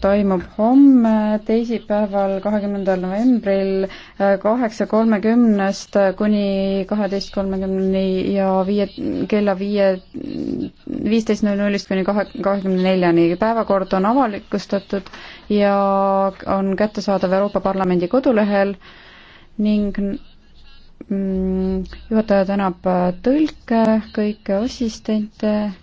toimub homme, teisipäeval, kahekümnendal novembril kaheksa kolmekümnest kuni kaheteist kolmekümneni ja viie, kella viie, viisteist null nullist kuni kahe, kahekümne neljani. päevakord on avalikustatud ja on kättesaadav Euroopa Parlamendi kodulehel ning mm, juhataja tänab tõlke, kõiki assistente